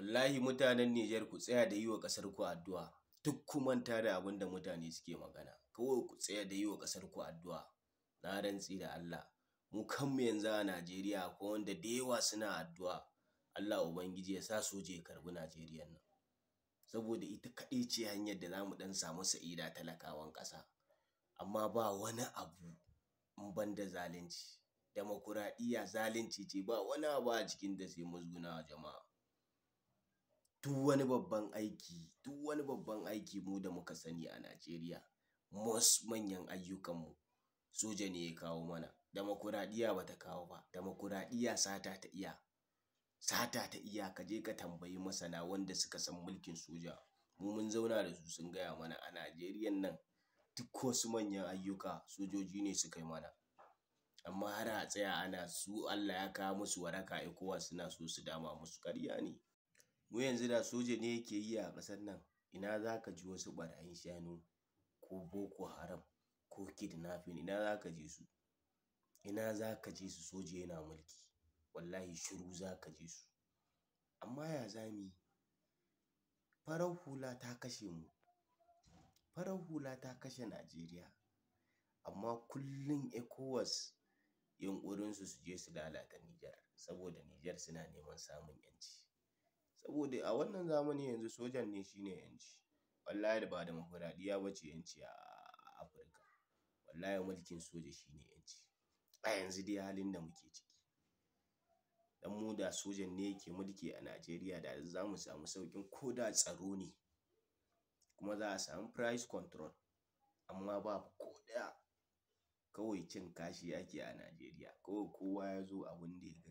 wallahi mutanen Nijar ku tsaya da yi wa ƙasar ku addu'a duk ku manta da abin da mutane suke magana kawai ku tsaya da yi wa kasar ku addu'a na rantsi da Allah mu kanmu yanzu a Najeriya ko wanda da yawa suna addu'a Allah ubangiji ya sa soje ya karbi Najeriya nan saboda ita kaɗai ce hanyar da za mu ɗan samu sa'ida talakawan ƙasa amma ba wani abu in ban zalunci demokuraɗiyya zalunci ce ba wani abu a cikin da sai muzuna jama'a duk wani babban aiki duk wani babban aiki mu da muka sani a Najeriya most manyan ayyukanmu soja ne ya kawo mana da ba bata kawo ba demokuraɗiyya sata ta iya sata ta iya ka je ka tambayi masana wanda suka san mulkin soja mu mun zauna da su sun gaya mana a Najeriya nan duk wasu manyan ayyuka sojoji ne suka yi mana amma har a tsaya ana su Allah ya kawo musu waraka ikowa suna so su dama musu karya ne mu yanzu da soja ne yake yi a ƙasar nan ina za ka ji wasu ɓarayin shanu ko boko haram ko kidnapping ina za ka ji su ina za ka ji su soja yana mulki wallahi shiru za ka ji su amma ya za mu yi farar hula ta kashe mu farar hula ta kashe najeriya amma kullum ecowas yunƙurinsu su je su lalata nijar saboda nijar suna neman samun yanci saboda a wannan zamani yanzu sojan ne shi ne yanci wallahi ba demokuraɗiyya ba ce yanci a Afirka wallahi mulkin soja shi ne yanci. a yanzu dai halin da muke ciki dan mu da sojan ne yake mulki a Najeriya da za mu samu sauƙin ko da tsaro ne kuma za a samu price control amma ba ko ɗaya kawai cin kashi ake a Najeriya kawai kowa ya zo abin da ya